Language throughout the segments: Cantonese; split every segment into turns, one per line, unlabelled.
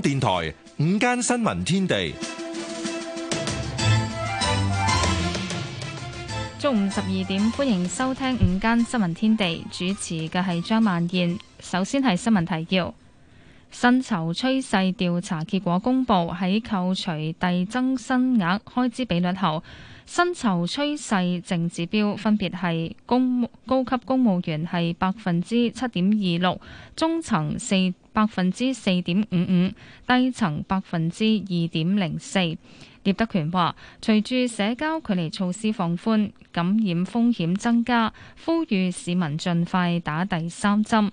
電台午間新聞天地，
中午十二點，歡迎收聽午間新聞天地，主持嘅係張曼燕。首先係新聞提要：薪酬趨勢調查結果公布，喺扣除遞增薪額開支比率後。薪酬趨勢淨指標分別係公高級公務員係百分之七點二六，中層四百分之四點五五，低層百分之二點零四。聶德權話：隨住社交距離措施放寬，感染風險增加，呼籲市民盡快打第三針。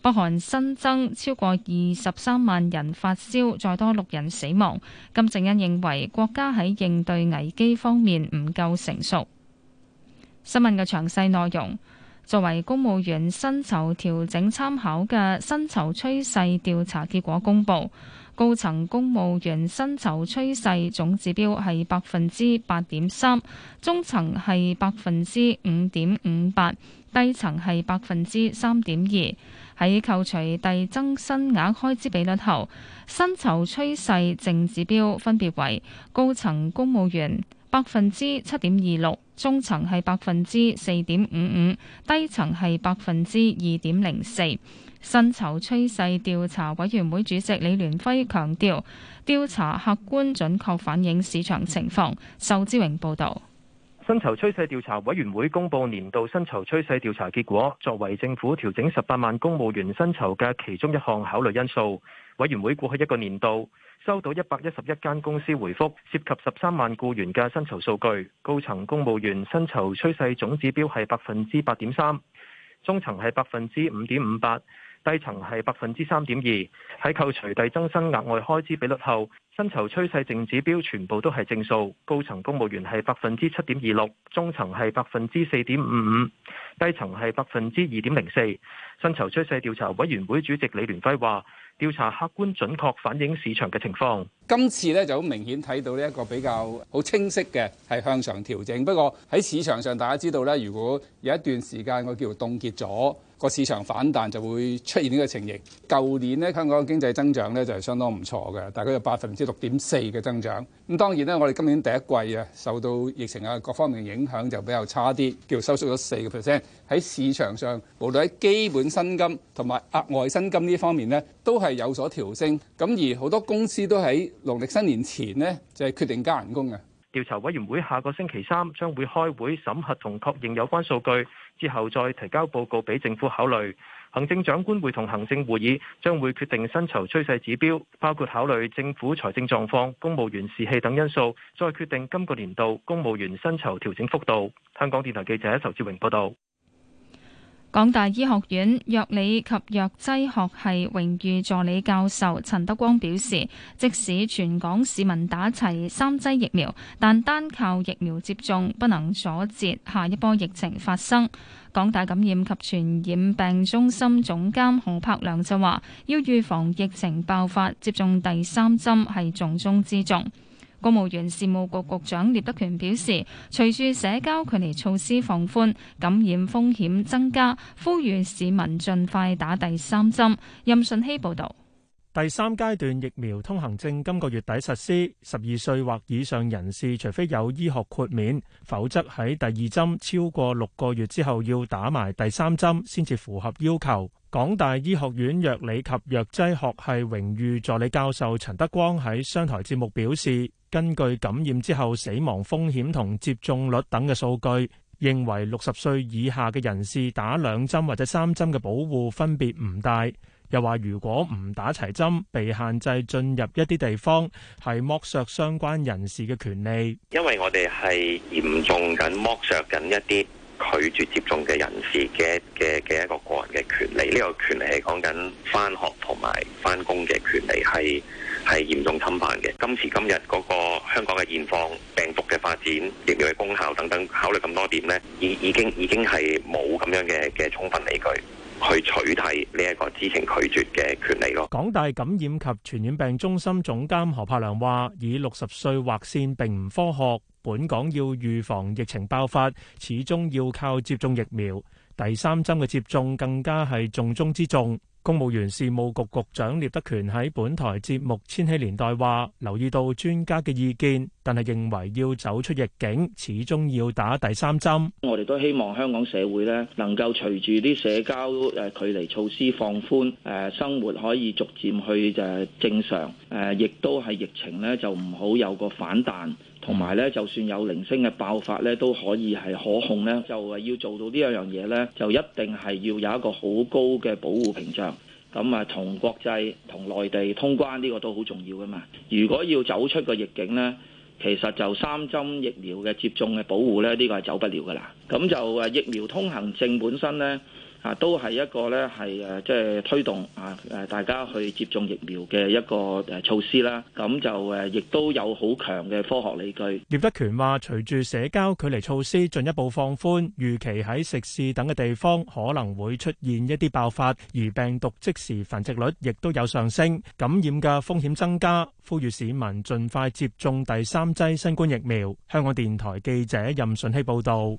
北韓新增超過二十三萬人發燒，再多六人死亡。金正恩認為國家喺應對危機方面唔夠成熟。新聞嘅詳細內容：作為公務員薪酬調整參考嘅薪酬趨勢調查結果公佈，高層公務員薪酬趨勢總指標係百分之八點三，中層係百分之五點五八，低層係百分之三點二。喺扣除遞增薪額開支比率後，薪酬趨勢淨指標分別為高層公務員百分之七點二六，中層係百分之四點五五，低層係百分之二點零四。薪酬趨勢調查委員會主席李聯輝強調，調查客觀準確反映市場情況。仇之榮報導。
薪酬趨勢調查委員會公布年度薪酬趨勢調查結果，作為政府調整十八萬公務員薪酬嘅其中一項考慮因素。委員會過去一個年度收到一百一十一間公司回覆，涉及十三萬雇員嘅薪酬數據。高層公務員薪酬趨勢總指標係百分之八點三，中層係百分之五點五八。低層係百分之三點二，喺扣除遞增薪額外開支比率後，薪酬趨勢淨指標全部都係正數。高層公務員係百分之七點二六，中層係百分之四點五五，低層係百分之二點零四。薪酬趨勢調查委員會主席李聯輝話，調查客觀準確反映市場嘅情況。
今次呢就好明顯睇到呢一個比較好清晰嘅係向上調整。不過喺市場上，大家知道呢，如果有一段時間我叫凍結咗。個市場反彈就會出現呢個情形。舊年咧，香港經濟增長呢，就係相當唔錯嘅，大概有百分之六點四嘅增長。咁當然咧，我哋今年第一季啊，受到疫情啊各方面影響就比較差啲，叫收縮咗四個 percent。喺市場上，無論喺基本薪金同埋額外薪金呢方面呢，都係有所調升。咁而好多公司都喺農曆新年前呢，就係決定加人工嘅。調查委員會下個星期三將會開會審
核同確認有關數據。之後再提交報告俾政府考慮，行政長官會同行政會議將會決定薪酬趨勢指標，包括考慮政府財政狀況、公務員士氣等因素，再決定今個年度公務員薪酬調整幅度。香港電台記者仇志榮報道。
港大醫學院藥理及藥劑學系榮譽助理教授陳德光表示，即使全港市民打齊三劑疫苗，但單靠疫苗接種不能阻截下一波疫情發生。港大感染及傳染病中心總監何柏良就話，要預防疫情爆發，接種第三針係重中之重。公務員事務局局長聶德權表示，隨住社交距離措施放寬，感染風險增加，呼籲市民盡快打第三針。任信希報道，
第三階段疫苗通行證今個月底實施，十二歲或以上人士，除非有醫學豁免，否則喺第二針超過六個月之後要打埋第三針，先至符合要求。港大醫學院藥理及藥劑學系榮譽助理教授陳德光喺商台節目表示，根據感染之後死亡風險同接種率等嘅數據，認為六十歲以下嘅人士打兩針或者三針嘅保護分別唔大。又話如果唔打齊針，被限制進入一啲地方，係剝削相關人士嘅權利，
因為我哋係嚴重緊剝削緊一啲。拒絕接種嘅人士嘅嘅嘅一個個人嘅權利，呢個權利係講緊返學同埋返工嘅權利，係係嚴重侵犯嘅，今時今日嗰個香港嘅現況，病毒嘅發展，疫苗嘅功效等等，考慮咁多點呢，已已經已經係冇咁樣嘅嘅充分理據去取締呢一個知情拒絕嘅
權利咯。港大感染及傳染病中心總監何柏良話：以六十歲劃線並唔科學。本港要預防疫情爆發，始終要靠接種疫苗。第三針嘅接種更加係重中之重。公務員事務局局長聶德權喺本台節目《千禧年代》話：留意到專家嘅意見，但係認為要走出逆境，始終要打第三針。
我哋都希望香港社會咧，能夠隨住啲社交誒距離措施放寬，誒生活可以逐漸去誒正常，誒亦都係疫情咧就唔好有個反彈，同埋咧就算有零星嘅爆發咧，都可以係可控咧。就係要做到呢兩樣嘢咧，就一定係要有一個好高嘅保護屏障。咁啊，同國際、同內地通關呢個都好重要噶嘛。如果要走出個疫境咧，其實就三針疫苗嘅接種嘅保護咧，呢個係走不了噶啦。咁就啊，疫苗通行證本身咧。啊，都係一個咧，係誒，即係推動啊誒，大家去接種疫苗嘅一個誒措施啦。咁就誒，亦都有好強嘅科學理據。
葉德權話，隨住社交距離措施進一步放寬，預期喺食肆等嘅地方可能會出現一啲爆發，而病毒即時繁殖率亦都有上升，感染嘅風險增加，呼籲市民盡快接種第三劑新冠疫苗。香港電台記者任順希報導。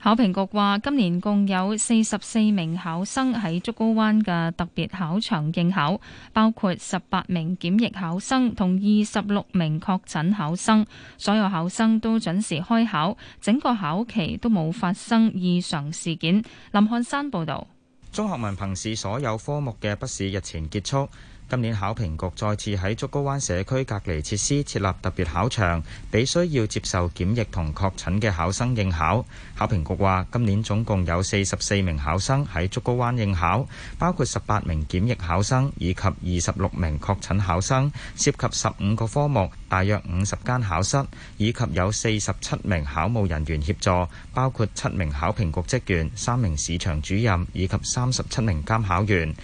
考評局話，今年共有四十四名考生喺竹篙灣嘅特別考場應考，包括十八名檢疫考生同二十六名確診考生。所有考生都準時開考，整個考期都冇發生異常事件。林漢山報道，
中學文憑試所有科目嘅筆試日前結束。今年考評局再次喺竹篙灣社區隔離設施設立特別考場，俾需要接受檢疫同確診嘅考生應考。考評局話今年總共有四十四名考生喺竹篙灣應考，包括十八名檢疫考生以及二十六名確診考生，涉及十五個科目，大約五十間考室，以及有四十七名考務人員協助，包括七名考評局職員、三名試場主任以及三十七名監考員。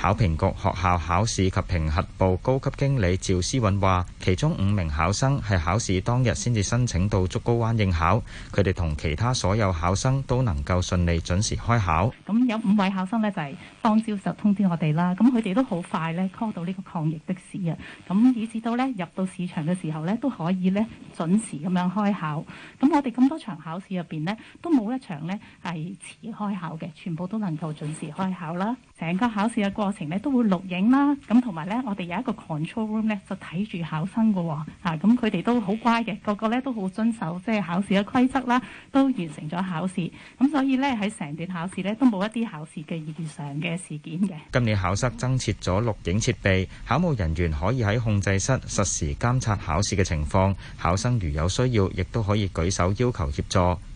考評局學校考試及評核部高級經理趙思韻話，其中五名考生係考試當日先至申請到竹篙灣應考，佢哋同其他所有考生都能夠順利準時開考。
咁有五位考生呢，就係當朝就通知我哋啦，咁佢哋都好快呢，call 到呢個抗疫的士啊，咁以至到呢入到市場嘅時候呢，都可以呢準時咁樣開考。咁我哋咁多場考試入邊呢，都冇一場呢係遲開考嘅，全部都能夠準時開考啦。整個考試嘅過程呢都會錄影啦，咁同埋呢，我哋有一個 control room 呢，就睇住考生㗎喎，咁佢哋都好乖嘅，個個呢都好遵守即係考試嘅規則啦，都完成咗考試，咁所以呢，喺成段考試呢，都冇一啲考試嘅異常嘅事件嘅。
今年考室增設咗錄影設備，考務人員可以喺控制室實時監察考試嘅情況，考生如有需要，亦都可以舉手要求協助。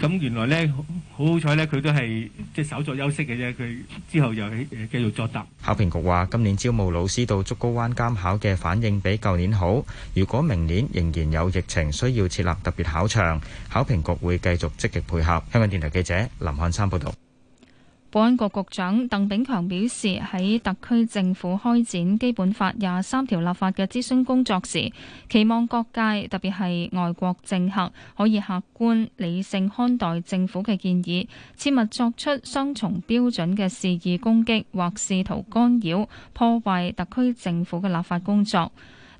咁原來呢，好好彩呢，佢都係即稍作休息嘅啫。佢之後又誒繼續作答。
考評局話，今年招募老師到竹篙灣監考嘅反應比舊年好。如果明年仍然有疫情，需要設立特別考場，考評局會繼續積極配合。香港電台記者林漢山報道。
保安局局長鄧炳強表示，喺特區政府開展《基本法》廿三條立法嘅諮詢工作時，期望各界，特別係外國政客，可以客觀理性看待政府嘅建議，切勿作出雙重標準嘅肆意攻擊或試圖干擾破壞特區政府嘅立法工作。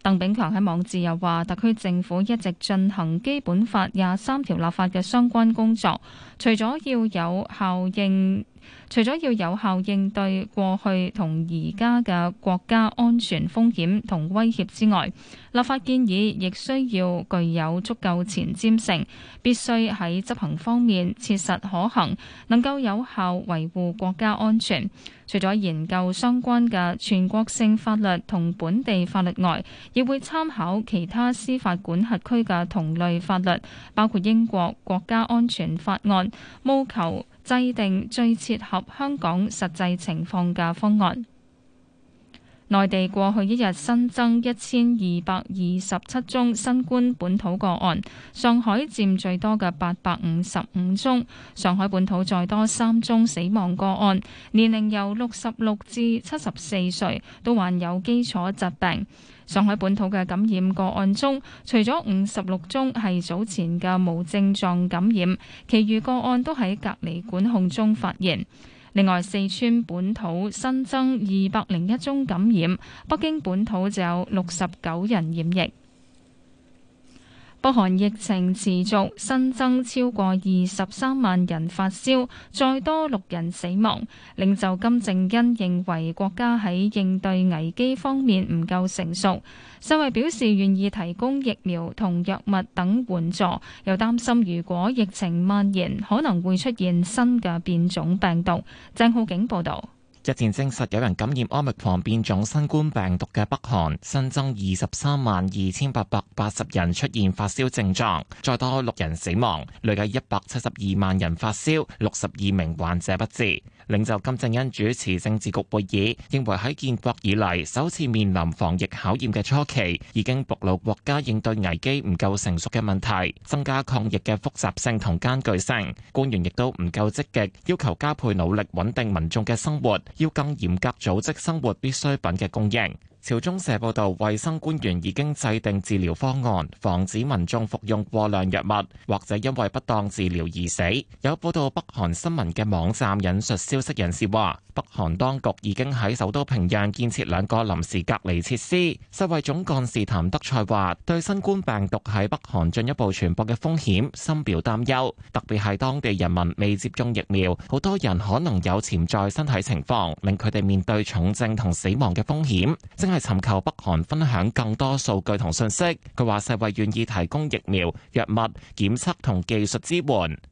鄧炳強喺網誌又話，特區政府一直進行《基本法》廿三條立法嘅相關工作，除咗要有效應。除咗要有效應對過去同而家嘅國家安全風險同威脅之外，立法建議亦需要具有足夠前瞻性，必須喺執行方面切實可行，能夠有效維護國家安全。除咗研究相關嘅全國性法律同本地法律外，亦會參考其他司法管轄區嘅同類法律，包括英國《國家安全法案》，務求，制定最切合香港實際情況嘅方案。內地過去一日新增一千二百二十七宗新冠本土個案，上海佔最多嘅八百五十五宗，上海本土再多三宗死亡個案，年齡由六十六至七十四歲，都患有基礎疾病。上海本土嘅感染個案中，除咗五十六宗係早前嘅無症狀感染，其餘個案都喺隔離管控中發現。另外，四川本土新增二百零一宗感染，北京本土就有六十九人染疫。北韓疫情持續，新增超過二十三萬人發燒，再多六人死亡。領袖金正恩認為國家喺應對危機方面唔夠成熟。世衛表示願意提供疫苗同藥物等援助，又擔心如果疫情蔓延，可能會出現新嘅變種病毒。鄭浩景報道。
日前證實有人感染奧密克戎變種新冠病毒嘅北韓，新增二十三萬二千八百八十人出現發燒症狀，再多六人死亡，累計一百七十二萬人發燒，六十二名患者不治。領袖金正恩主持政治局會議，認為喺建國以嚟首次面臨防疫考驗嘅初期，已經暴露國家應對危機唔夠成熟嘅問題，增加抗疫嘅複雜性同艱巨性。官員亦都唔夠積極，要求加倍努力穩定民眾嘅生活，要更嚴格組織生活必需品嘅供應。朝中社報道，衛生官員已經制定治療方案，防止民眾服用過量藥物或者因為不當治療而死。有報道北韓新聞嘅網站引述消息人士話，北韓當局已經喺首都平壤建設兩個臨時隔離設施。世衛總幹事譚德賽話，對新冠病毒喺北韓進一步傳播嘅風險深表擔憂，特別係當地人民未接種疫苗，好多人可能有潛在身體情況，令佢哋面對重症同死亡嘅風險。係尋求北韓分享更多數據同信息。佢話世衛願意提供疫苗、藥物、檢測同技術支援。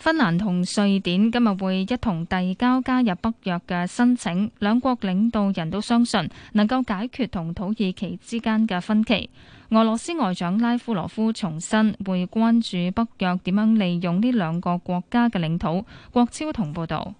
芬蘭同瑞典今日會一同遞交加入北約嘅申請，兩國領導人都相信能夠解決同土耳其之間嘅分歧。俄羅斯外長拉夫羅夫重申會關注北約點樣利用呢兩個國家嘅領土。郭超同報導，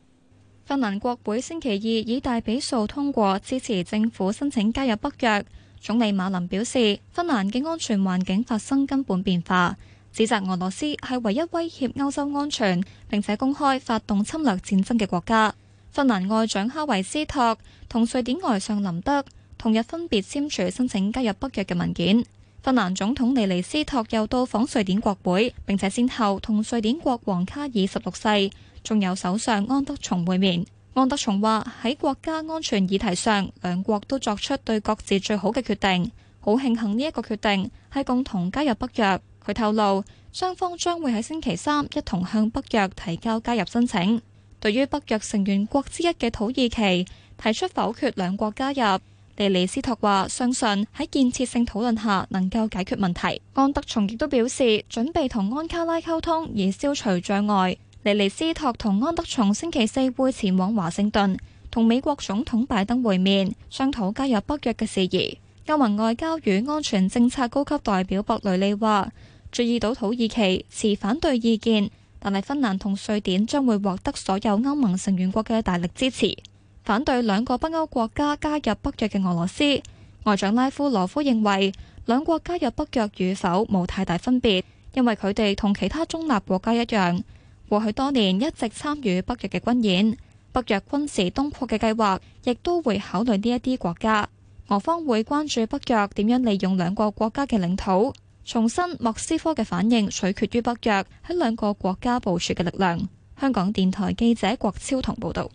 芬蘭國會星期二以大比數通過支持政府申請加入北約。總理馬林表示，芬蘭嘅安全環境發生根本變化。指責俄羅斯係唯一威脅歐洲安全，並且公開發動侵略戰爭嘅國家。芬蘭外長哈維斯托同瑞典外相林德同日分別簽署申請加入北約嘅文件。芬蘭總統尼尼斯托又到訪瑞典國會，並且先後同瑞典國王卡爾十六世，仲有首相安德松會面。安德松話，喺國家安全議題上，兩國都作出對各自最好嘅決定，好慶幸呢一個決定係共同加入北約。佢透露，雙方將會喺星期三一同向北約提交加入申請。對於北約成員國之一嘅土耳其提出否決兩國加入，尼尼斯托話相信喺建設性討論下能夠解決問題。安德松亦都表示準備同安卡拉溝通，以消除障礙。尼尼斯托同安德松星期四會前往華盛頓，同美國總統拜登會面，商討加入北約嘅事宜。歐盟外交與安全政策高級代表博雷利話，注意到土耳其持反對意見，但係芬蘭同瑞典將會獲得所有歐盟成員國嘅大力支持。反對兩個北歐國家加入北約嘅俄羅斯外長拉夫羅夫認為，兩國加入北約與否冇太大分別，因為佢哋同其他中立國家一樣，過去多年一直參與北約嘅軍演。北約軍事東擴嘅計劃亦都會考慮呢一啲國家，俄方會關注北約點樣利用兩個國家嘅領土。重申莫斯科嘅反應取決於北約喺兩個國家部署嘅力量。香港電台記者郭超彤報導。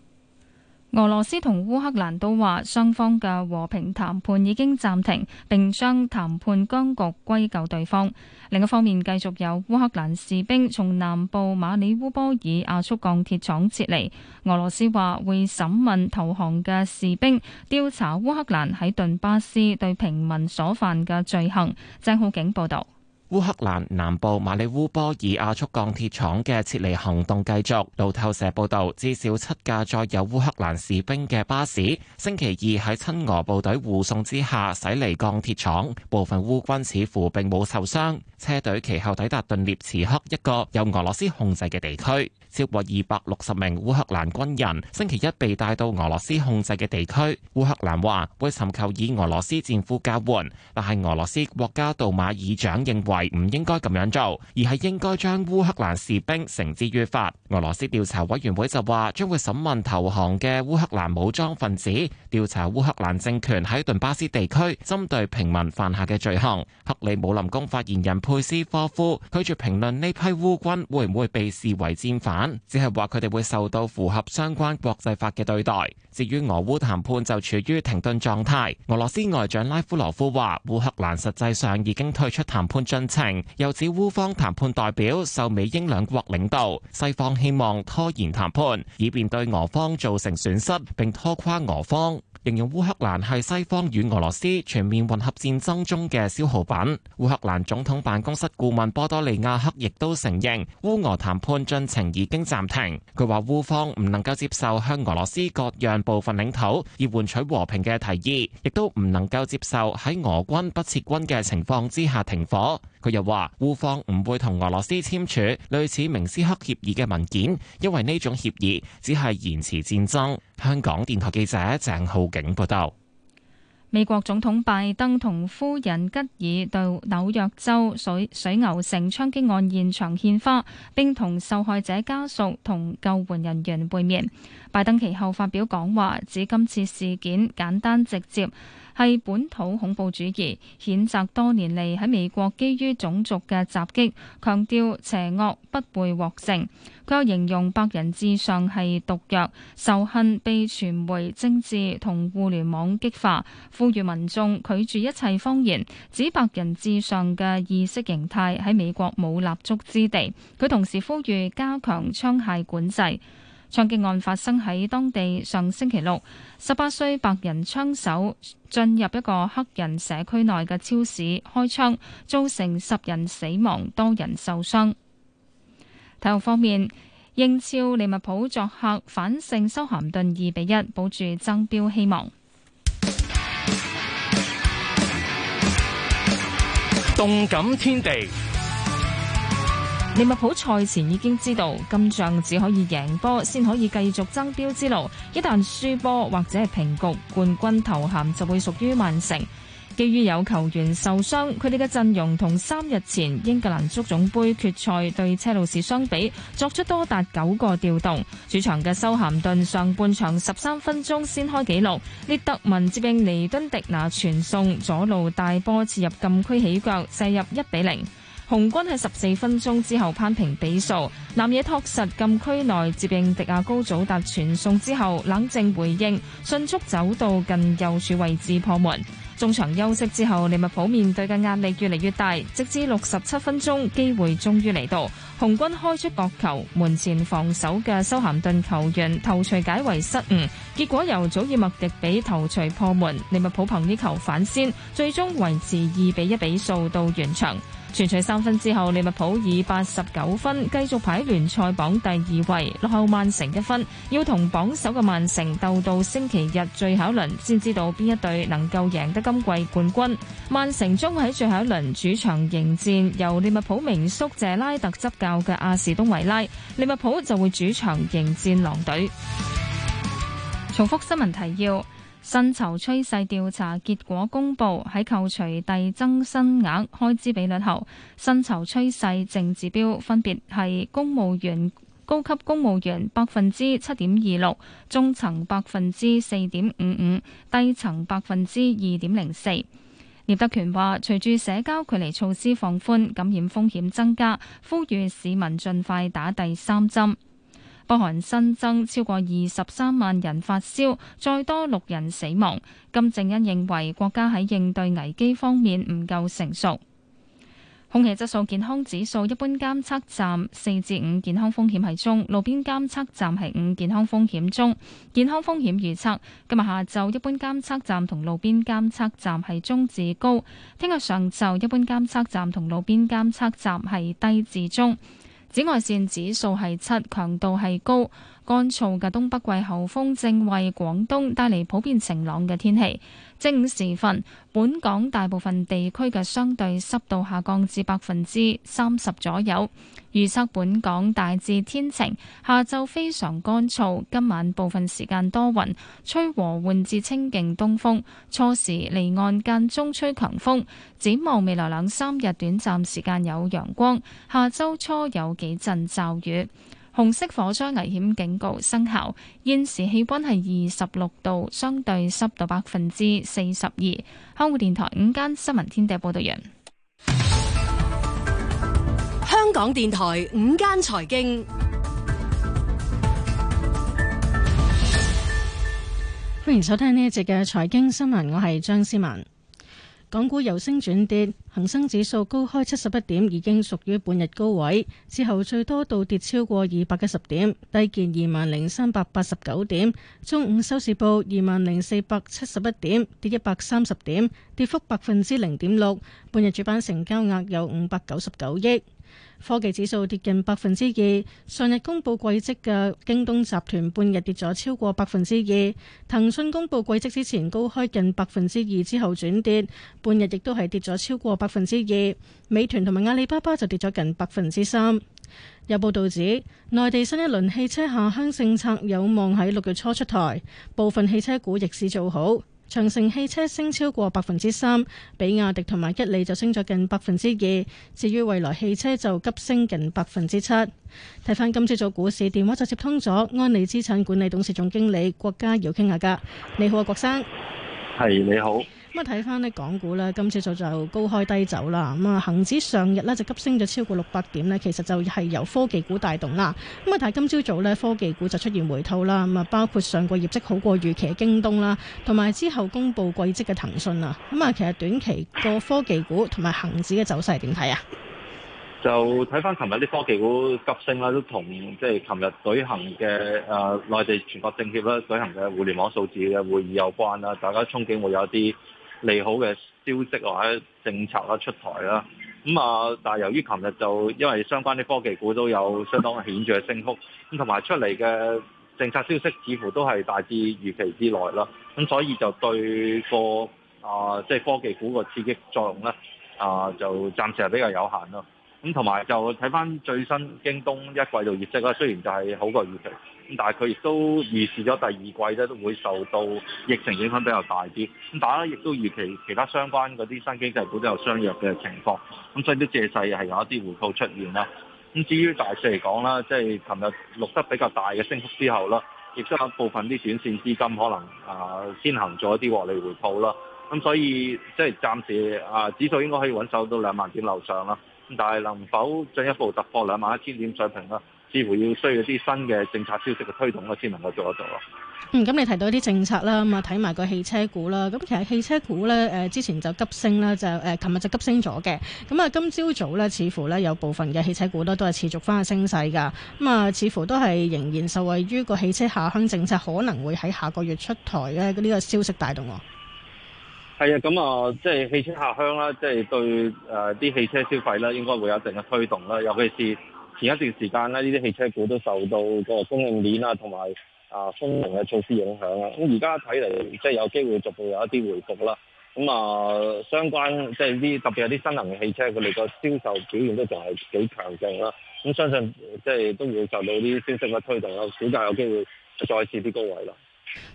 俄羅斯同
烏克蘭都話雙方嘅和平談判已經暫停，並將談判僵局歸咎對方。另一方面，繼續有烏克蘭士兵從南部馬里烏波爾亞速鋼鐵廠撤離。俄羅斯話會審問投降嘅士兵，調查烏克蘭喺頓巴斯對平民所犯嘅罪行。鄭浩景報道。
烏克蘭南部馬里烏波爾亞速鋼鐵廠嘅撤離行動繼續。路透社報道，至少七架載有烏克蘭士兵嘅巴士，星期二喺親俄部隊護送之下駛離鋼鐵廠，部分烏軍似乎並冇受傷。車隊其後抵達頓涅茨克一個由俄羅斯控制嘅地區。超過二百六十名烏克蘭軍人星期一被帶到俄羅斯控制嘅地區。烏克蘭話會尋求以俄羅斯戰俘交換，但係俄羅斯國家杜馬議長認為唔應該咁樣做，而係應該將烏克蘭士兵繩之於法。俄羅斯調查委員會就話將會審問投降嘅烏克蘭武裝分子，調查烏克蘭政權喺頓巴斯地區針對平民犯下嘅罪行。克里姆林宮發言人佩斯科夫拒絕評論呢批烏軍會唔會被視為戰犯。只係話佢哋會受到符合相關國際法嘅對待。至於俄烏談判就處於停頓狀態。俄羅斯外長拉夫羅夫話，烏克蘭實際上已經退出談判進程，又指烏方談判代表受美英兩國領導，西方希望拖延談判，以便對俄方造成損失，並拖垮俄方。形容烏克蘭係西方與俄羅斯全面混合戰爭中嘅消耗品。烏克蘭總統辦公室顧問波多利亞克亦都承認烏俄談判進程已經暫停。佢話烏方唔能夠接受向俄羅斯割讓部分領土以換取和平嘅提議，亦都唔能夠接受喺俄軍不撤軍嘅情況之下停火。佢又話：烏方唔會同俄羅斯簽署類似明斯克協議嘅文件，因為呢種協議只係延遲戰爭。香港電台記者鄭浩景報道。
美國總統拜登同夫人吉爾到紐約州水水牛城槍擊案現場獻花，並同受害者家屬同救援人員會面。拜登其後發表講話，指今次事件簡單直接。係本土恐怖主義，譴責多年嚟喺美國基於種族嘅襲擊，強調邪惡不會獲勝。佢又形容白人至上係毒藥，仇恨被傳媒、政治同互聯網激化，呼籲民眾拒絕一切謊言，指白人至上嘅意識形態喺美國冇立足之地。佢同時呼籲加強槍械管制。槍擊案發生喺當地上星期六，十八歲白人槍手進入一個黑人社區內嘅超市開槍，造成十人死亡，多人受傷。體育方面，英超利物浦作客反勝修咸頓二比一，保住爭標希望。動感天地。利物浦賽前已經知道，今仗只可以贏波先可以繼續爭標之路，一旦輸波或者係平局，冠軍頭銜就會屬於曼城。基於有球員受傷，佢哋嘅陣容同三日前英格蘭足總杯決賽對車路士相比，作出多達九個調動。主場嘅修咸頓上半場十三分鐘先開紀錄，列德文接應尼敦迪,迪拿傳送左路大波切入禁區起腳射入一比零。紅軍喺十四分鐘之後攀平比數，南野拓實禁區內接應迪亞高祖達傳送之後，冷靜回應，迅速走到近右處位置破門。中場休息之後，利物浦面對嘅壓力越嚟越大，直至六十七分鐘機會終於嚟到，紅軍開出角球，門前防守嘅修咸頓球員頭槌解圍失誤，結果由祖爾麥迪比頭槌破門，利物浦憑呢球反先，最終維持二比一比數到完場。全取三分之後，利物浦以八十九分繼續排聯賽榜第二位，落後曼城一分，要同榜首嘅曼城鬥到星期日最後一輪，先知道邊一隊能夠贏得今季冠軍。曼城將喺最後一輪主場迎戰由利物浦名宿謝拉特執教嘅阿士東維拉，利物浦就會主場迎戰狼隊。重複新聞提要。薪酬趨勢調查結果公佈，喺扣除遞增薪額開支比率後，薪酬趨勢正指標分別係公務員、高級公務員百分之七點二六，中層百分之四點五五，低層百分之二點零四。聶德權話：隨住社交距離措施放寬，感染風險增加，呼籲市民盡快打第三針。北韓新增超過二十三萬人發燒，再多六人死亡。金正恩認為國家喺應對危機方面唔夠成熟。空氣質素健康指數，一般監測站四至五，健康風險係中，路邊監測站係五，健康風險中。健康風險預測，今日下晝一般監測站同路邊監測站係中至高，聽日上晝一般監測站同路邊監測站係低至中。紫外線指數係七，強度係高。乾燥嘅東北季候風正為廣東帶嚟普遍晴朗嘅天氣。正午時分，本港大部分地區嘅相對濕度下降至百分之三十左右。預測本港大致天晴，下晝非常乾燥，今晚部分時間多雲，吹和緩至清勁東風。初時離岸間中吹強風。展望未來兩三日，短暫時間有陽光，下週初有幾陣驟雨。紅色火災危險警告生效。現時氣温係二十六度，相對濕度百分之四十二。香港電台午間新聞天地報道員。
香港電台午間財經。 歡迎收聽呢一節嘅財經新聞，我係張思文。港股由升轉跌，恒生指數高開七十一點，已經屬於半日高位。之後最多倒跌超過二百一十點，低見二萬零三百八十九點。中午收市報二萬零四百七十一點，跌一百三十點，跌幅百分之零點六。半日主板成交額有五百九十九億。科技指數跌近百分之二。上日公布季績嘅京東集團半日跌咗超過百分之二。騰訊公布季績之前高開近百分之二，之後轉跌，半日亦都係跌咗超過百分之二。美團同埋阿里巴巴就跌咗近百分之三。有報道指，內地新一輪汽車下鄉政策有望喺六月初出台，部分汽車股逆市做好。長城汽車升超過百分之三，比亞迪同埋吉利就升咗近百分之二，至於蔚來汽車就急升近百分之七。睇返今朝早股市電話就接通咗，安利資產管理董事總經理郭家堯傾下偈。你好啊，郭生。
係，你好。
咁啊睇翻咧港股咧，今朝早就高開低走啦。咁啊，恒指上日咧就急升咗超過六百點咧，其實就係由科技股帶動啦。咁啊，但係今朝早咧科技股就出現回吐啦。咁啊，包括上個業績好過預期嘅京東啦，同埋之後公佈季績嘅騰訊啦。咁啊，其實短期個科技股同埋恒指嘅走勢係點睇啊？
就睇翻琴日啲科技股急升啦，都同即係琴日舉行嘅誒內地全國政協咧舉行嘅互聯網數字嘅會議有關啦。大家憧憬會有一啲利好嘅消息或者政策啦出台啦，咁啊，但係由於琴日就因為相關啲科技股都有相當顯著嘅升幅，咁同埋出嚟嘅政策消息似乎都係大致預期之內啦，咁所以就對個啊即係科技股個刺激作用咧啊，呃，就暫時係比較有限咯，咁同埋就睇翻最新京東一季度業績啦，雖然就係好過預期。咁但係佢亦都預示咗第二季咧都會受到疫情影響比較大啲，咁大家亦都預期其他相關嗰啲新經濟股都有相約嘅情況，咁所以都借勢係有一啲回報出現啦。咁至於大市嚟講啦，即係琴日錄得比較大嘅升幅之後啦，亦都有部分啲短線資金可能啊、呃、先行咗一啲獲利回報啦，咁所以即係暫時啊、呃、指數應該可以穩守到兩萬點樓上啦，咁但係能否進一步突破兩萬一千點水平呢？似乎要需要啲新嘅政策消息嘅推動，我先能夠做得到。
嗯，咁你提到啲政策啦，咁啊睇埋個汽車股啦。咁其實汽車股咧，誒、呃、之前就急升啦，就誒琴日就急升咗嘅。咁啊，今朝早咧，似乎咧有部分嘅汽車股咧都係持續翻去升勢㗎。咁啊，似乎都係仍然受惠於個汽車下鄉政策可能會喺下個月出台嘅呢個消息帶動。
係啊，咁啊，即係汽車下鄉啦，即係對誒啲、呃、汽車消費啦，應該會有一定嘅推動啦，尤其是。前一段時間呢，呢啲汽車股都受到個供應鏈啊，同埋啊封城嘅措施影響啊。咁而家睇嚟，即係有機會逐步有一啲回復啦、啊。咁、嗯、啊，相關即係呢特別係啲新能汽車，佢哋個銷售表現都仲係幾強勁啦、啊。咁、嗯、相信即係都會受到啲消息嘅推動、啊，有比較有機會再試啲高位啦。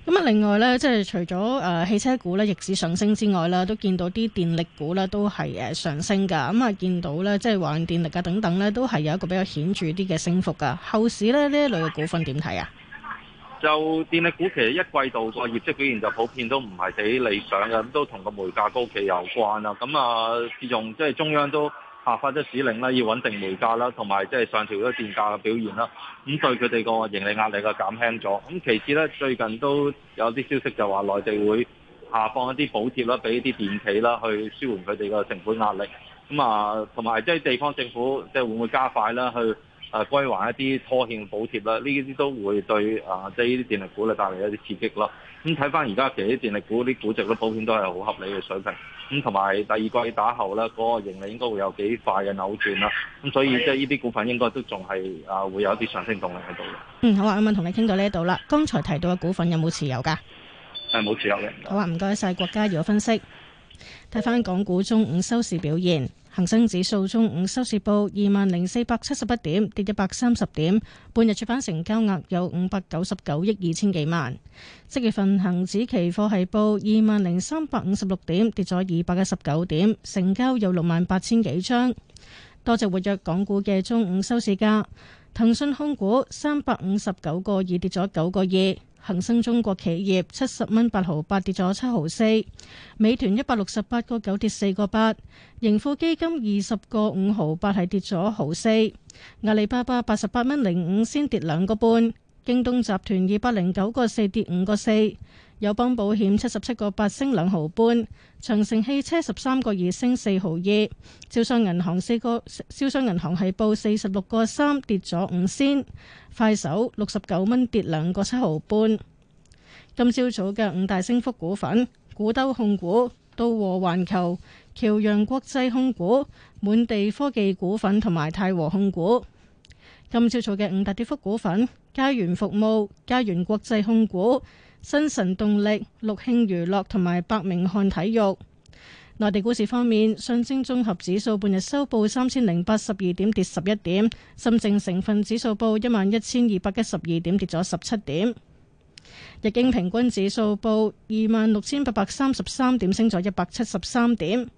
咁啊，另外咧，即係除咗誒、呃、汽車股咧逆市上升之外啦，都見到啲電力股咧都係誒、呃、上升噶咁、嗯、啊，見到咧即係話電力啊等等咧，都係有一個比較顯著啲嘅升幅噶後市咧呢一類嘅股份點睇啊？
就電力股其實一季度個業績表現就普遍都唔係幾理想嘅，咁都同個煤價高企有關啦。咁啊，自從即係中央都。發出指令啦，要穩定煤價啦，同埋即係上調咗電價嘅表現啦。咁對佢哋個盈利壓力就減輕咗。咁其次咧，最近都有啲消息就話內地會下放一啲補貼啦，俾一啲電企啦去舒緩佢哋個成本壓力。咁啊，同埋即係地方政府即係、就是、會唔會加快啦去？啊，歸還一啲拖欠補貼啦，呢啲都會對啊，即係呢啲電力股咧帶嚟一啲刺激咯。咁睇翻而家其實啲電力股啲估值都普遍都係好合理嘅水平。咁同埋第二季打後咧，嗰、那個盈利應該會有幾快嘅扭轉啦。咁、嗯、所以即係呢啲股份應該都仲係啊，會有一啲上升動力喺度嘅。
嗯，好啊，阿敏同你傾到呢一度啦。剛才提到嘅股份有冇持有㗎？誒、嗯，冇持有嘅。好啊，唔該晒郭家耀分析。睇翻港股中午收市表現。恒生指數中午收市報二萬零四百七十一點，跌一百三十點。半日主板成交額有五百九十九億二千幾萬。即月份恒指期貨係報二萬零三百五十六點，跌咗二百一十九點，成交有六萬八千幾張。多隻活躍港股嘅中午收市價，騰訊控股三百五十九個二，跌咗九個二。恒生中國企業七十蚊八毫八，跌咗七毫四，美團一百六十八個九，跌四個八，盈富基金二十個五毫八係跌咗一毫四，阿里巴巴八十八蚊零五先跌兩個半，京東集團二百零九個四，跌五個四。友邦保險七十七個八升兩毫半，長城汽車十三個二升四毫二，招商銀行四個，招商銀行係報四十六個三跌咗五仙，快手六十九蚊跌兩個七毫半。今朝早嘅五大升幅股份，古兜控股、都和環球、僑洋國際控股、滿地科技股份同埋泰和控股。今朝早嘅五大跌幅股份，佳源服務、佳源國際控股。新神動力、六慶娛樂同埋百名漢體育。內地股市方面，上證綜合指數半日收報三千零八十二點，跌十一點；深證成分指數報一萬一千二百一十二點，跌咗十七點；日經平均指數報二萬六千八百三十三點，升咗一百七十三點。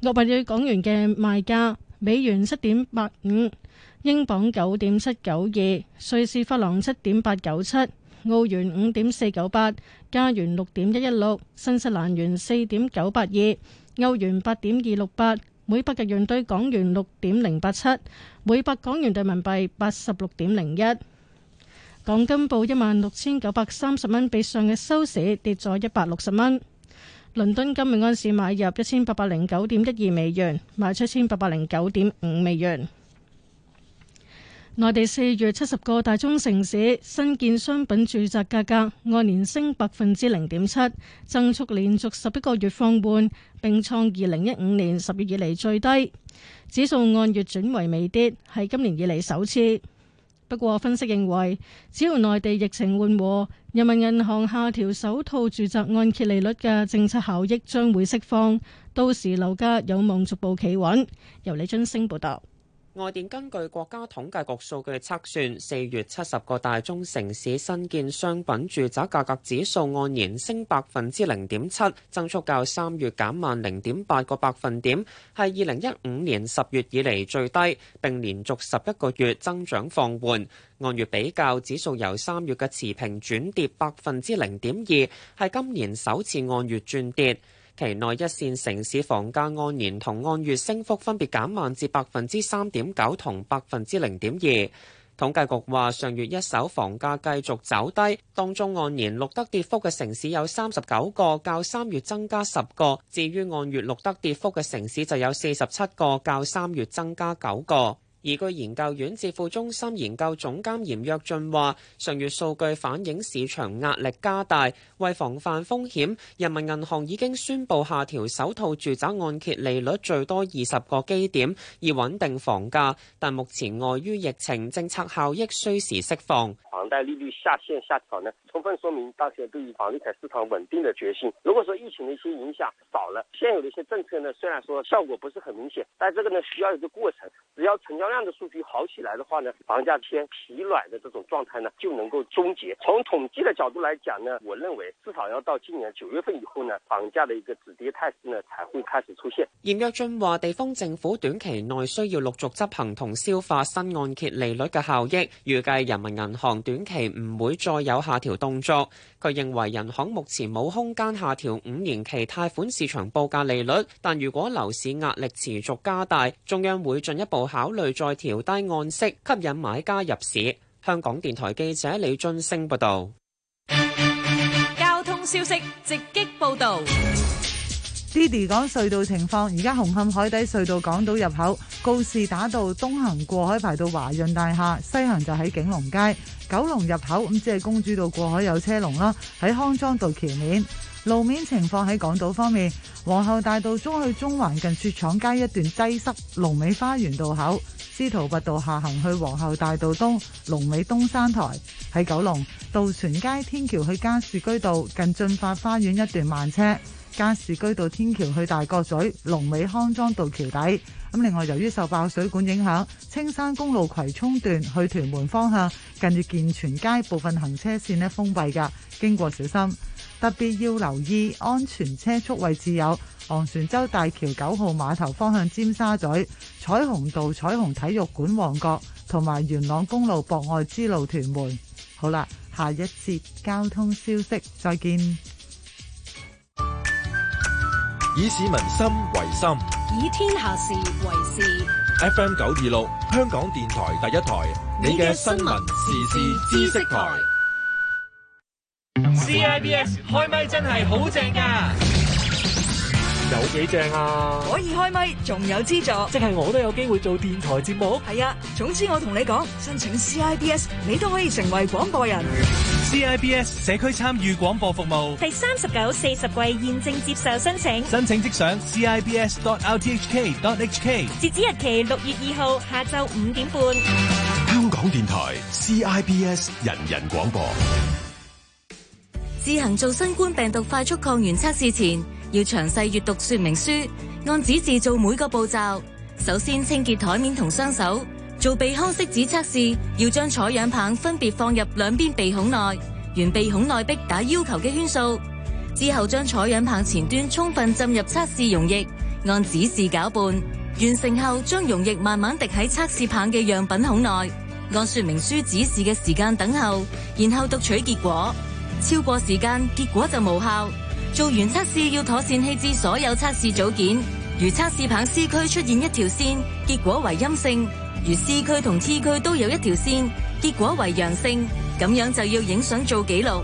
六百兌港元嘅賣價，美元七點八五，英鎊九點七九二，瑞士法郎七點八九七。澳元五點四九八，加元六點一一六，新西蘭元四點九八二，歐元八點二六八，每百日元兌港元六點零八七，每百港元人民幣八十六點零一。港金報一萬六千九百三十蚊，比上日收市跌咗一百六十蚊。倫敦金每盎司買入一千八百零九點一二美元，賣出一千八百零九點五美元。內地四月七十個大中城市新建商品住宅價格，格按年升百分之零點七，增速連續十一個月放緩，並創二零一五年十月以嚟最低。指數按月轉為微跌，係今年以嚟首次。不過分析認為，只要內地疫情緩和，人民銀行下調首套住宅按揭利率嘅政策效益將會釋放，到時樓價有望逐步企穩。由李津升報道。
外電根據國家統計局數據測算，四月七十個大中城市新建商品住宅價格指數按年升百分之零點七，增速較三月減慢零點八個百分點，係二零一五年十月以嚟最低，並連續十一個月增長放緩。按月比較，指數由三月嘅持平轉跌百分之零點二，係今年首次按月轉跌。期內，一線城市房價按年同按月升幅分別減慢至百分之三點九同百分之零點二。統計局話，上月一手房價繼續走低，當中按年錄得跌幅嘅城市有三十九個，較三月增加十個；至於按月錄得跌幅嘅城市就有四十七個，較三月增加九個。而據研究院智庫中心研究總監嚴躍進話，上月數據反映市場壓力加大，為防範風險，人民銀行已經宣布下調首套住宅按揭利率最多二十個基點，以穩定房價。但目前礙於疫情，政策效益需時釋放。
房貸利率下限下調呢，充分說明央行對於房地產市場穩定的決心。如果說疫情的一些影響少了，現有的一些政策呢，雖然說效果不是很明顯，但這個呢需要一個過程，只要成交量，這樣的數據好起來的話呢，房價偏疲軟的這種狀態呢，就能夠終結。從統計的角度來講呢，我認為至少要到今年九月份以後呢，房價的一個止跌態勢呢，才會開始出現。
嚴躍進話，地方政府短期內需要陸續執行同消化新按揭利率嘅效益，預計人民銀行短期唔會再有下調動作。佢認為銀行目前冇空間下調五年期貸款市場報價利率，但如果樓市壓力持續加大，中央會進一步考慮。再調低按息，吸引買家入市。香港電台記者李津升報道。
交通消息直擊報道。
d i d y 講隧道情況，而家紅磡海底隧道港島入口告士打道東行過海排到華潤大廈，西行就喺景龍街九龍入口咁，即係公主道過海有車龍啦。喺康莊道橋面。路面情況喺港島方面，皇后大道中去中環近雪廠街一段擠塞，龍尾花園道口。司徒拔道下行去皇后大道東龍尾東山台，喺九龍渡船街天橋去加士居道近駿發花園一段慢車。加士居道天橋去大角咀，龍尾康莊道橋底。咁另外，由於受爆水管影響，青山公路葵涌段去屯門方向近住健全街部分行車線咧封閉噶經過小心。特別要留意安全車速位置有昂船洲大橋九號碼頭方向尖沙咀，彩虹道彩虹體育館旺角同埋元朗公路博愛之路屯門。好啦，下一節交通消息再見。
以市民心為心，
以天
下事為事。
FM 九二六，香港電台第一台，你嘅新聞、時事信、知識台。
CIBS 開咪真係好正噶，
有幾正啊？啊可
以開咪，仲有資助，即係我都有機會
做電台節
目。係啊，總之我同你講，申請 CIBS，你都可以成為廣播人。CIBS 社區參與廣播服務，第三十九四十季現正接受申請，申請即上 CIBS dot rthk dot hk，截止日期六月二號下晝五點半。香港電台
CIBS 人人廣播。
自行做新冠病毒快速抗原測試前，要詳細閱讀說明書，按指示做每個步驟。首先清潔台面同雙手做鼻腔拭子測試，要將採樣棒分別放入兩邊鼻孔內，沿鼻孔內壁打要求嘅圈數。之後將採樣棒前端充分浸入測試溶液，按指示攪拌。完成後，將溶液慢慢滴喺測試棒嘅樣品孔內，按說明書指示嘅時間等候，然後讀取結果。超過時間，結果就無效。做完測試，要妥善棄置所有測試組件。如測試棒 C 區出現一條線，結果為陰性。如 C 區同 T 區都有一條線，結果為陽性，咁樣就要影相做記錄，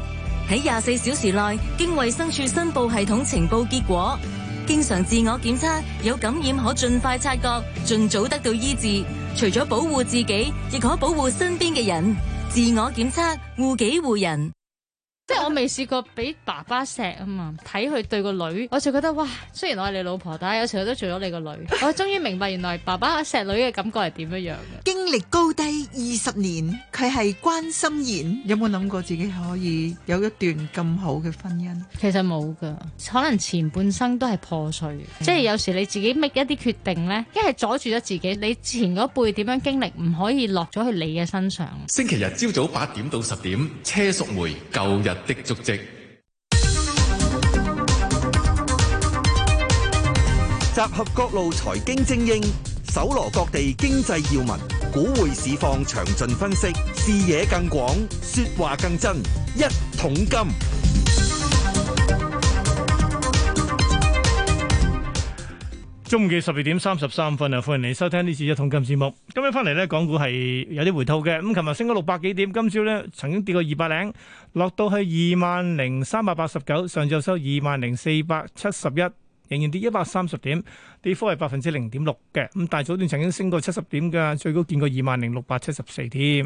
喺廿四小時內經衛生署申報系統呈報結果。經常自我檢測有感染，可盡快察覺，盡早得到醫治。除咗保護自己，亦可保護身邊嘅人。自我檢測護己護人。即係 我未試過俾爸爸錫啊嘛，睇佢對個女，我就覺得哇！雖然我係你老婆，但係有時候我都做咗你個女。我終
於明白原來爸爸錫女嘅感覺係點樣樣嘅。經歷高低二十年，佢係關心妍。有冇諗過自己可以有一段咁好嘅婚姻？其
實冇噶，可能前半生都係破碎。嗯、即係有時你自己 make 一啲決定呢，一係阻住咗自己，你前嗰輩點樣經歷，唔可以落咗去你嘅身上。星
期日朝早八點到十點，車淑梅舊日的足跡，集合各路財經精英，搜羅各地經濟要聞，股匯市況詳盡分析，視
野更廣，説話更真，一桶金。中午嘅十二點三十三分啊，歡迎你收聽呢次一通金節目。今日翻嚟呢，港股係有啲回吐嘅。咁琴日升咗六百幾點，今朝呢曾經跌過二百零，落到去二萬零三百八十九，上晝收二萬零四百七十一。仍然跌一百三十點，跌幅係百分之零點六嘅。咁大早段曾經升過七十點嘅，最高見過二萬零六百七十四添。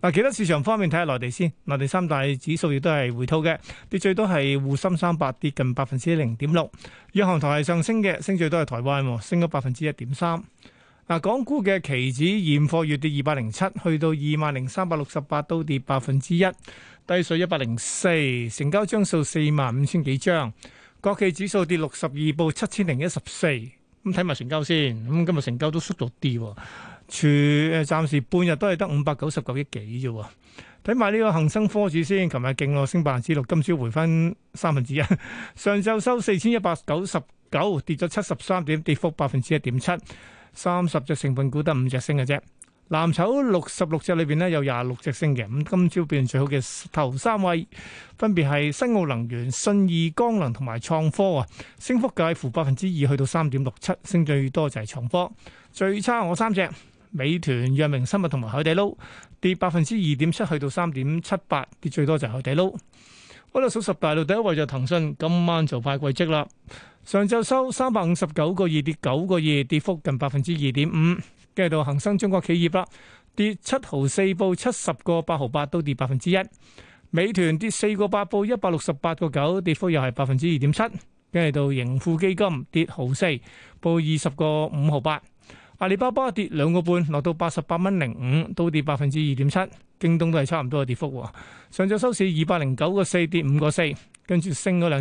嗱， 其他市場方面睇下內地先。內地三大指數亦都係回吐嘅，跌最多係滬深三百，跌近百分之零點六。央行台係上升嘅，升最多係台灣，升咗百分之一點三。嗱，港股嘅期指現貨月跌二百零七，去到二萬零三百六十八，都跌百分之一，低水一百零四，成交張數四萬五千幾張。國企指數跌六十二，報七千零一十四。咁睇埋成交先，咁今日成交都縮咗啲，除誒暫時半日都係得五百九十九億幾啫。睇埋呢個恒生科指先，琴日勁咯，升百分之六，今朝回翻三分之一。上晝收四千一百九十九，跌咗七十三點，跌幅百分之一點七。三十隻成分股得五隻升嘅啫。藍籌六十六隻裏邊咧有廿六隻升嘅，咁今朝變最好嘅頭三位分別係新奧能源、信義光能同埋創科啊，升幅介乎百分之二去到三點六七，升最多就係創科。最差我三隻，美團、藥明生物同埋海底撈跌百分之二點七去到三點七八，跌最多就係海底撈。我哋數十大路第一位就騰訊，今晚就快季績啦。上晝收三百五十九個二，跌九個二，跌幅近百分之二點五。跟住到恒生中國企業啦，跌七毫四，報七十個八毫八，都跌百分之一。美團跌四個八，報一百六十八個九，跌幅又係百分之二點七。跟住到盈富基金跌毫四，報二十個五毫八。阿里巴巴跌兩個半，落到八十八蚊零五，都跌百分之二點七。京東都係差唔多嘅跌幅。上晝收市二百零九個四，跌五個四，跟住升咗兩。